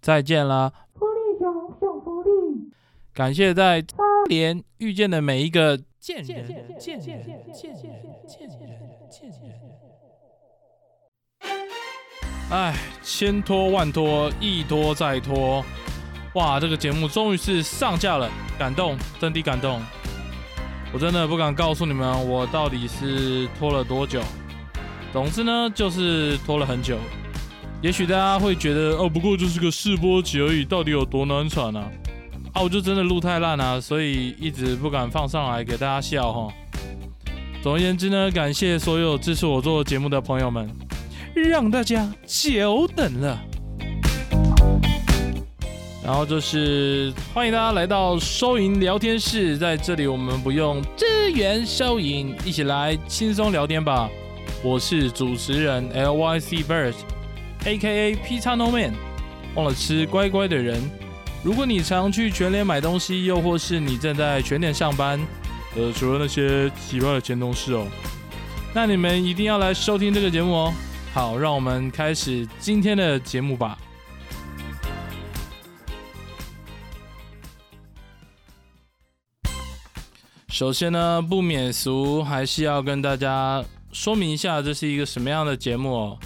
再見了，福利熊，熊福利，感謝在全聯遇見的每一個賤賤賤賤賤人，賤人，賤人。哎，千拖萬拖，一拖再拖，哇，這個節目終於是上架了，感動，真的感動，我真的不敢告訴你們我到底是拖了多久，總之呢，就是拖了很久。也許大家會覺得哦，不過就是個試播集而已，到底有多難產啊？啊，我就真的錄太爛了、啊，所以一直不敢放上來給大家笑哈。總而言之呢，感謝所有支持我做節目的朋友們，讓大家久等了。然後就是歡迎大家來到收銀聊天室，在這裡我們不用支援收銀，一起來輕鬆聊天吧。我是主持人 LYC Bert。A.K.A. PX no-man，忘了吃乖乖的人。如果你常去全聯買東西，又或是你正在全聯上班，呃，除了那些以外的前同事哦，那你們一定要來收聽這個節目哦。好，讓我們開始今天的節目吧。首先呢，不免俗，還是要跟大家說明一下，這是一個什麼樣的節目哦。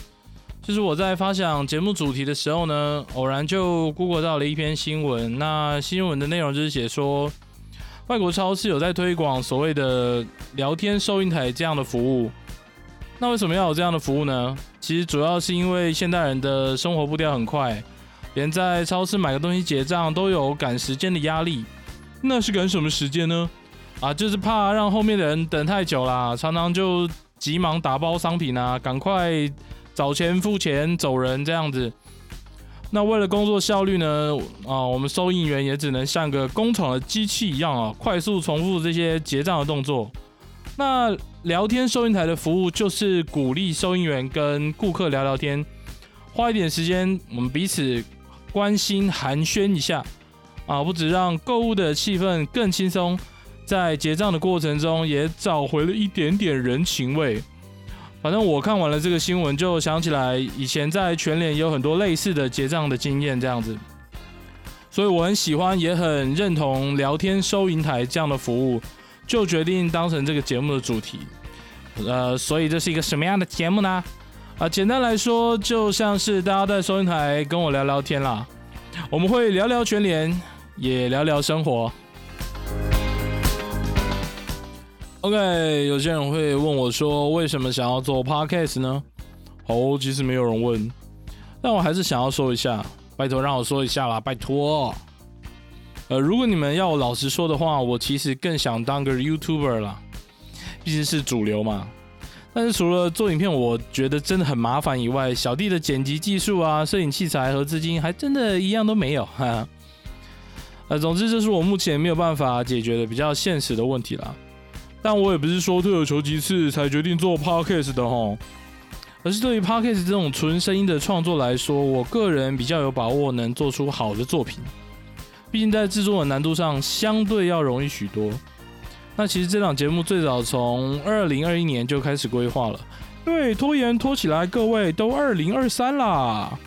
就是我在發想節目主題的時候呢，偶然就 Google 到了一篇新聞。那新聞的內容就是寫說外國超市有在推廣所謂的聊天收銀台這樣的服務。那為什麼要有這樣的服務呢？其實主要是因為現代人的生活步調很快，連在超市買個東西結賬都有趕時間的壓力。那是趕什麼時間呢？啊，就是怕讓後面的人等太久啦，常常就急忙打包商品啊，趕快。找錢、付錢、走人，這樣子。那為了工作效率呢？啊、呃，我們收銀員也只能像個工廠的機器一樣啊，快速重複這些結賬的動作。那聊天收銀台的服務就是鼓勵收銀員跟顧客聊聊天，花一點時間，我們彼此關心寒暄一下啊，不只讓購物的氣氛更輕鬆，在結賬的過程中也找回了一點點人情味。反正我看完了這個新聞，就想起來以前在全聯也有很多類似的結賬的經驗這樣子，所以我很喜歡，也很認同聊天收銀台這樣的服務，就決定當成這個節目的主題。呃，所以這是一個什麼樣的節目呢？啊、呃，簡單來說，就像是大家在收銀台跟我聊聊天啦，我們會聊聊全聯，也聊聊生活。OK，有些人會問我說：“為什麼想要做 podcast 呢？”哦，其實沒有人問，但我還是想要說一下，拜托讓我說一下啦，拜托。呃，如果你們要我老實說的話，我其實更想當個 YouTuber 啦，畢竟是主流嘛。但是除了做影片，我覺得真的很麻煩以外，小弟的剪輯技術啊、攝影器材和資金還真的一樣都沒有。哈哈。呃，總之，這是我目前沒有辦法解決的比較現實的問題啦。但我也不是說退而求其次才決定做 Podcast 的吼，而是對於 Podcast 這種純聲音的創作來說，我個人比較有把握能做出好的作品，畢竟在製作的難度上相對要容易許多。那其實這檔節目最早從二零二一年就開始規劃了，對，拖延拖起來，各位都二零二三啦。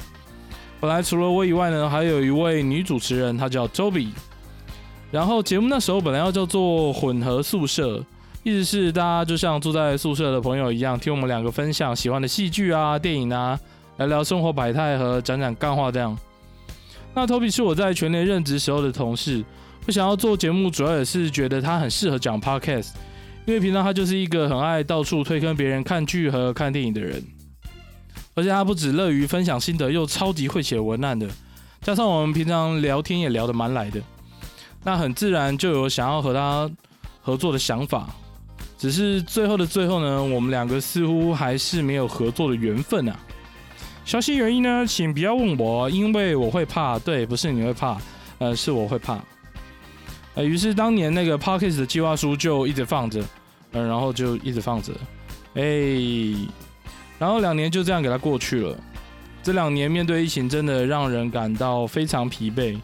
本來除了我以外呢，還有一位女主持人，她叫 Joby，然後節目那時候本來要叫做混合宿舍。意思是大家就像住在宿舍的朋友一樣，聽我們兩個分享喜歡的戲劇啊、電影啊，聊聊生活百態和講講幹話這樣。那 Toby 是我在全年全聯任職時候的同事，我想要做節目，主要也是覺得他很適合講 Podcast，因為平常他就是一個很愛到處推坑別人看劇和看電影的人，而且他不止樂於分享心得，又超級會寫文案的，加上我們平常聊天也聊得蠻來的，那很自然就有想要和他合作的想法。只是最後的最後呢，我們兩個似乎還是沒有合作的緣分啊。消息原因呢，請不要問我，因為我會怕。對，不是你會怕，呃，是我會怕。呃，於是當年那個 Podcast 的計劃書就一直放着，呃，然後就一直放着。哎、欸，然後兩年就這樣給他過去了。這兩年面對疫情，真的讓人感到非常疲憊。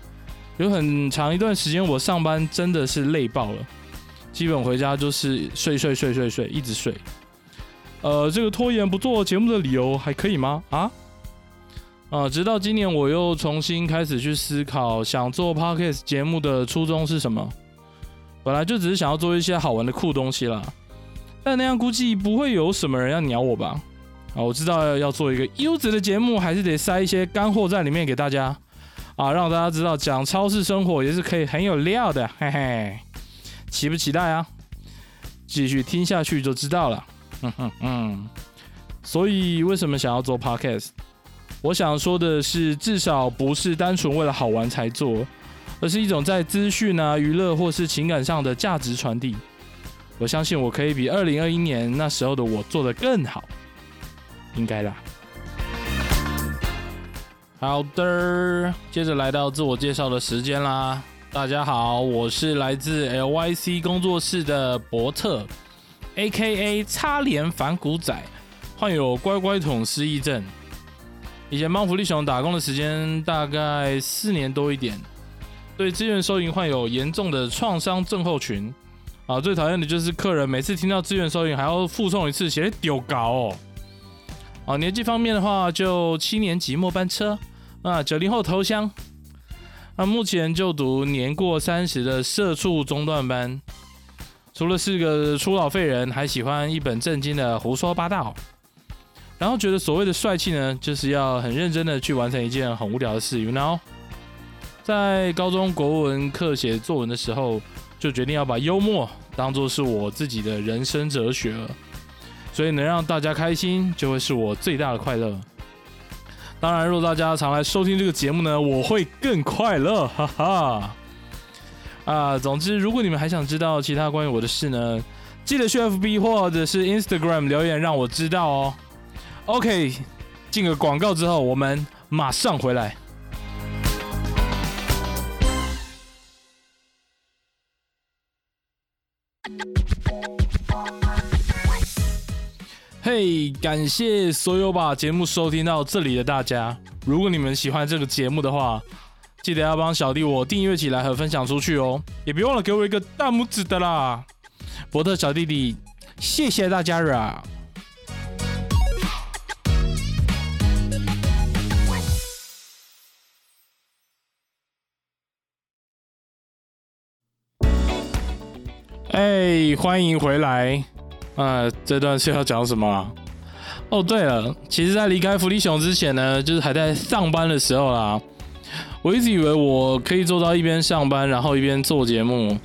有很長一段時間，我上班真的是累爆了。基本回家就是睡睡睡睡睡，一直睡。呃，這個拖延不做節目的理由還可以嗎？啊？啊、呃！直到今年，我又重新開始去思考，想做 Podcast 節目的初衷是什麼？本來就只是想要做一些好玩的酷東西啦。但那樣估計不會有什麼人要鳥我吧？啊！我知道要做一個優質的節目，還是得塞一些乾貨在裡面給大家，啊，讓大家知道講超市生活也是可以很有料的，嘿嘿。期不期待啊？繼續聽下去就知道了。嗯哼、嗯，嗯。所以為什麼想要做 podcast？我想說的是，至少不是單純為了好玩才做，而是一種在資訊啊、娛樂或是情感上的價值傳遞。我相信我可以比二零二一年那時候的我做得更好，應該啦。好的，接着來到自我介紹的時間啦。大家好，我是來自 LYC 工作室的博特，AKA 插臉反骨仔，患有乖乖桶失憶症。以前幫福利熊打工的時間大概四年多一點，對支援收銀患有嚴重的創傷症候群啊！最討厭的就是客人每次聽到支援收銀還要複誦一次，寫丟搞哦、啊。年紀方面的話，就七年級末班車，九零後頭香。那、啊、目前就讀年過三十的社畜中段班，除了是個初老廢人，還喜歡一本正經的胡說八道。然後覺得所謂的帥氣呢，就是要很認真的去完成一件很無聊的事，you know？在高中國文課寫作文的時候，就決定要把幽默當做是我自己的人生哲學了。所以能讓大家開心，就會是我最大的快樂。當然，如果大家常來收聽這個節目呢，我會更快樂，哈哈。啊、呃，總之，如果你們還想知道其他關於我的事呢，記得去 FB 或者是 Instagram 留言讓我知道哦。OK，進個廣告之後，我們馬上回來。感謝所有把節目收聽到這裡的大家！如果你們喜歡這個節目的話，記得要幫小弟我訂閱起來和分享出去哦，也別忘了給我一個大拇指的啦！博特小弟弟，謝謝大家啦！哎，歡迎回來。呃，這段是要講什麼啊？哦，對了，其實，在離開福利熊之前呢，就是還在上班的時候啦。我一直以為我可以做到一邊上班，然後一邊做節目，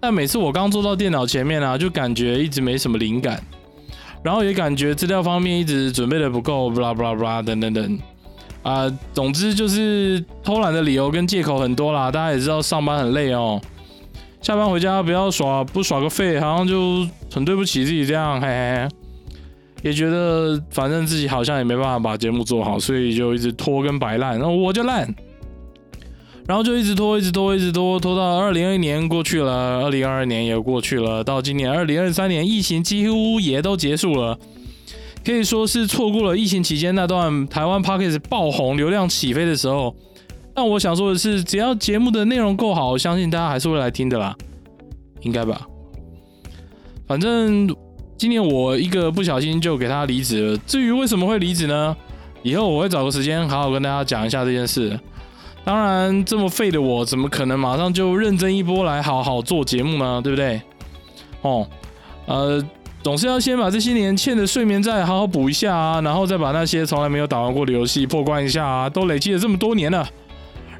但每次我剛坐到電腦前面啊，就感覺一直沒什麼靈感，然後也感覺資料方面一直準備得不夠，blah blah blah 等等等。啊、呃，總之就是偷懶的理由跟借口很多啦。大家也知道，上班很累哦。下班回家不要耍，不耍個廢，好像就很對不起自己這樣，嘿嘿。也覺得反正自己好像也沒辦法把節目做好，所以就一直拖跟擺爛，然後，哦，我就爛，然後就一直拖，一直拖，一直拖，拖到二零二一年過去了，二零二二年也過去了，到今年二零二三年，疫情幾乎也都結束了，可以說是錯過了疫情期間那段台灣 Podcast 爆紅、流量起飛的時候。但我想說的是，只要節目的內容夠好，相信大家還是會來聽的啦，應該吧。反正今年我一個不小心就給他離職了。至於為什麼會離職呢？以後我會找個時間好好跟大家講一下這件事。當然，這麼廢的我怎麼可能馬上就認真一波來好好做節目呢？對不對？哦、嗯，呃，總是要先把這些年欠的睡眠債好好補一下啊，然後再把那些從來沒有打完過的遊戲破關一下啊，都累積了這麼多年了。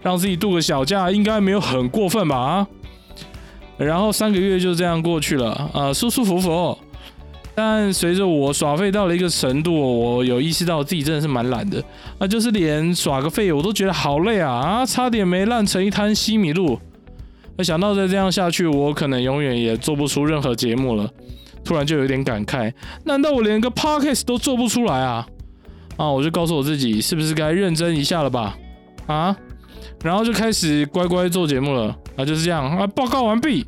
讓自己度個小假，應該沒有很過分吧？啊，然後三個月就這樣過去了，啊、呃，舒舒服服、哦。但隨着我耍廢到了一個程度，我有意識到我自己真的是蠻懶的，那、啊、就是連耍個廢我都覺得好累啊啊！差點沒爛成一灘西米露。我想到再這樣下去，我可能永遠也做不出任何節目了。突然就有點感慨，難道我連個 podcast 都做不出來啊？啊，我就告訴我自己，是不是該認真一下了吧？啊？然後就開始乖乖做節目了啊，就是這樣啊，報告完畢。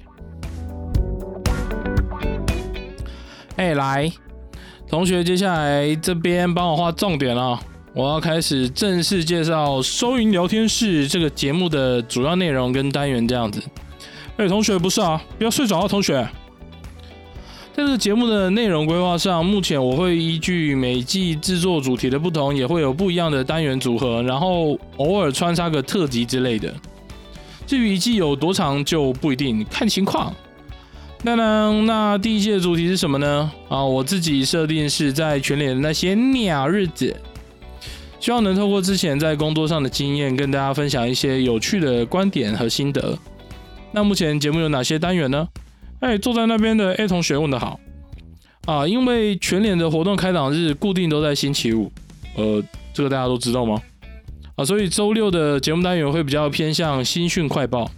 哎，來，同學，接下來這邊幫我畫重點了，我要開始正式介紹《收銀聊天室》這個節目的主要內容跟單元，這樣子。哎，同學，不是啊，不要睡着啊，同學。在這個節目的內容規劃上，目前我會依據每季製作主題的不同，也會有不一樣的單元組合，然後偶爾穿插個特輯之類的。至於一季有多長，就不一定，看情況。噠噠那那那，第一季的主題是什麼呢？啊，我自己設定是在全聯的那些鳥日子，希望能透過之前在工作上的經驗，跟大家分享一些有趣的觀點和心得。那目前節目有哪些單元呢？哎，坐在那邊的 A 同學問得好啊！因為全聯的活動開檔日固定都在星期五，呃，這個大家都知道嗎？啊，所以周六的節目單元會比較偏向新訊快報，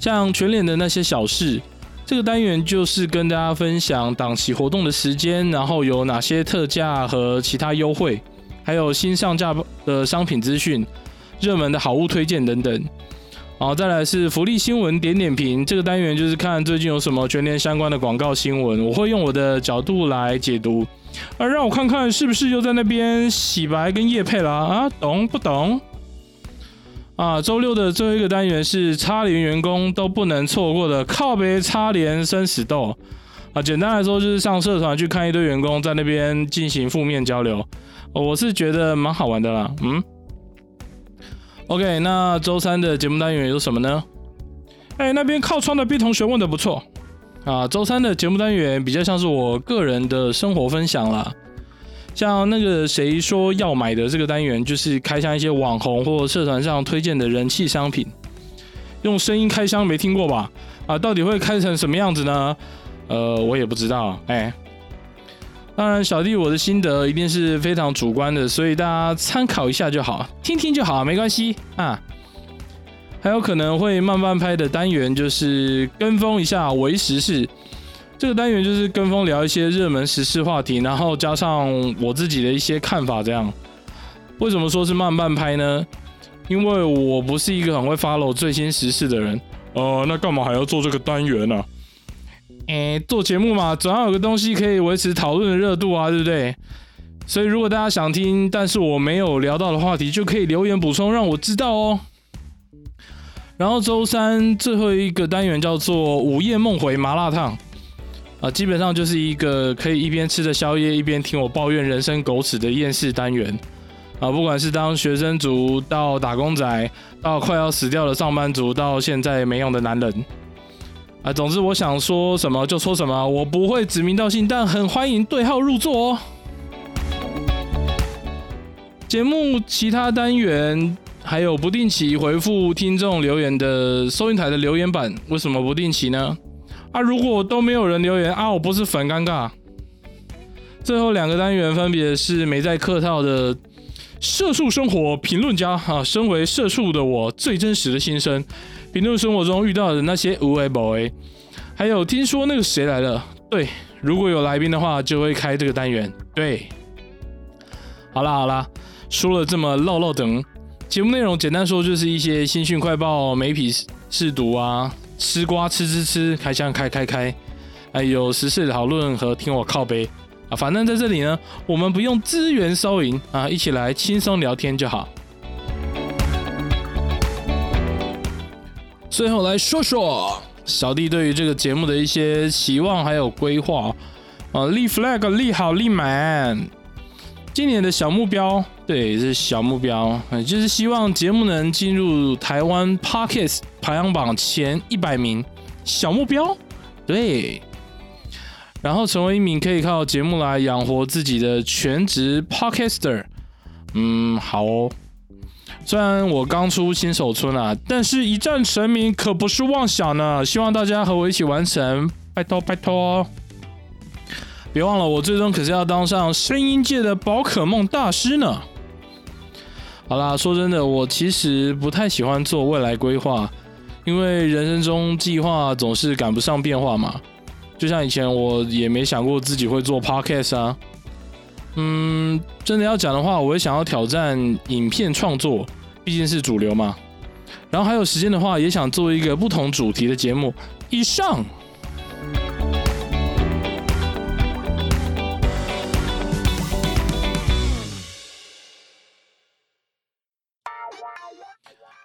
像全聯的那些小事，這個單元就是跟大家分享檔期活動的時間，然後有哪些特價和其他優惠，還有新上架的商品資訊、熱門的好物推薦等等。好，再來是福利新聞點點評這個單元，就是看最近有什麼全聯相關的廣告新聞，我會用我的角度來解讀。啊，讓我看看是不是又在那邊洗白跟業配啦、啊。啊？懂不懂？啊，周六的最後一個單元是 X 聯員工都不能錯過的靠北 X 聯生死鬥啊！簡單來說就是上社團去看一堆員工在那邊進行負面交流，哦、我是覺得蠻好玩的啦。嗯。OK，那周三的節目單元有什麼呢？哎、欸，那邊靠窗的 B 同學問的不錯啊。周三的節目單元比較像是我個人的生活分享啦。像那個誰說要買的這個單元，就是開箱一些網紅或社團上推薦的人氣商品，用聲音開箱沒聽過吧？啊，到底會開成什麼樣子呢？呃，我也不知道。哎、欸。當然，小弟我的心得一定是非常主觀的，所以大家參考一下就好，聽聽就好，沒關係啊。還有可能會慢半拍的單元就是跟風一下，微時事。這個單元就是跟風聊一些熱門時事話題，然後加上我自己的一些看法這樣。為什麼說是慢半拍呢？因為我不是一個很會 follow 最新時事的人。呃，那幹嘛還要做這個單元呢、啊？哎、欸，做節目嘛，總要有個東西可以維持討論的熱度啊，對不對？所以如果大家想聽，但是我沒有聊到的話題，就可以留言補充，讓我知道哦、喔。然後週三最後一個單元叫做“午夜夢回麻辣燙”，啊、呃，基本上就是一個可以一邊吃著宵夜，一邊聽我抱怨人生狗屎的厭世單元啊、呃。不管是當學生族到打工仔，到快要死掉的上班族，到現在沒用的男人。啊，總之我想說什麼就說什麼，我不會指名道姓，但很歡迎對號入座哦。節目其他單元還有不定期回復聽眾留言的收銀台的留言板，為什麼不定期呢？啊，如果都沒有人留言啊，我不是很尷尬。最後兩個單元分別是沒在客套的。社畜生活評論家哈、啊，身為社畜的我最真實的心聲，評論生活中遇到的那些無愛 boy，還有聽說那個誰來了。對，如果有來賓的話，就會開這個單元。對，好了好了，說了這麼嘮嘮等，節目內容簡單說就是一些新訊快報、媒體識讀啊、吃瓜吃吃吃、開箱開開開，還有時事討論和聽我靠北。啊，反正在這裡呢，我們不用支援收銀啊，一起來輕鬆聊天就好。最後來說說小弟對於這個節目的一些期望還有規劃，啊立 flag 立好立滿，今年的小目標，對，是小目標，就是希望節目能進入台灣 Podcast 排行榜前一百名，小目標，對。然後成為一名可以靠節目來養活自己的全職 Podcaster 嗯，好、哦。雖然我剛出新手村啊，但是一戰成名可不是妄想呢、啊。希望大家和我一起完成，拜托拜托、哦！別忘了，我最終可是要當上聲音界的寶可夢大師呢。好啦，說真的，我其實不太喜歡做未來規劃，因為人生中計劃總是趕不上變化嘛。就像以前，我也沒想過自己會做 podcast 啊。嗯，真的要講的話，我也想要挑戰影片創作，畢竟是主流嘛。然後還有時間的話，也想做一個不同主題的節目。以上。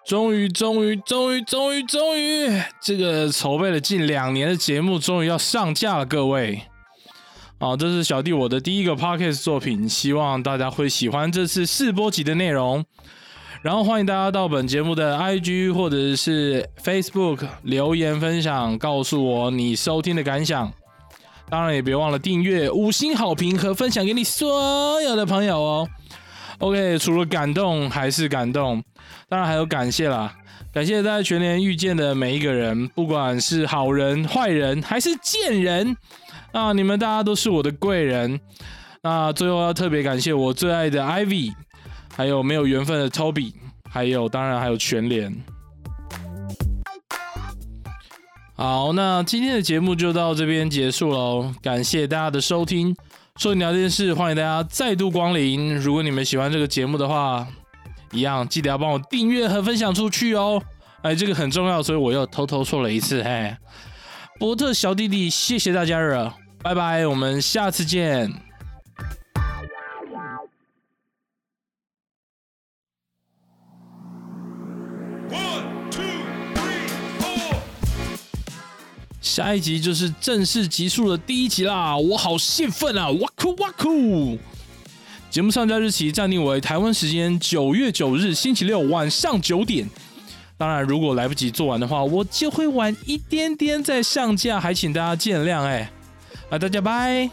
終於，終於，終於，終於，終於，這個籌備了近兩年的節目終於要上架了，各位好，這是小弟我的第一個 podcast 作品，希望大家會喜歡這次試播集的內容。然後歡迎大家到本節目的 IG 或者是 Facebook 留言分享，告訴我你收聽的感想。當然也別忘了訂閱、五星好評和分享給你所有的朋友哦。OK，除了感動還是感動，當然還有感謝啦！感謝在全聯遇見的每一個人，不管是好人、壞人還是賤人，啊，你們大家都是我的貴人。那、啊、最後要特別感謝我最愛的 Ivy，還有沒有緣分的 Toby，還有當然還有全聯。好，那今天的節目就到這邊結束嘍，感謝大家的收聽。說你聊電視，歡迎大家再度光臨。如果你們喜歡這個節目的話，一樣記得要幫我訂閱和分享出去哦。哎，這個很重要，所以我又偷偷說了一次。嘿，波特小弟弟，謝謝大家了，拜拜，我們下次見。下一集就是正式集數的第一集啦，我好興奮啊！哇酷哇酷！節目上架日期暫定為台灣時間九月九日星期六晚上九點。當然，如果來不及做完的話，我就會晚一點點再上架，還請大家見諒哎、欸。那大家拜。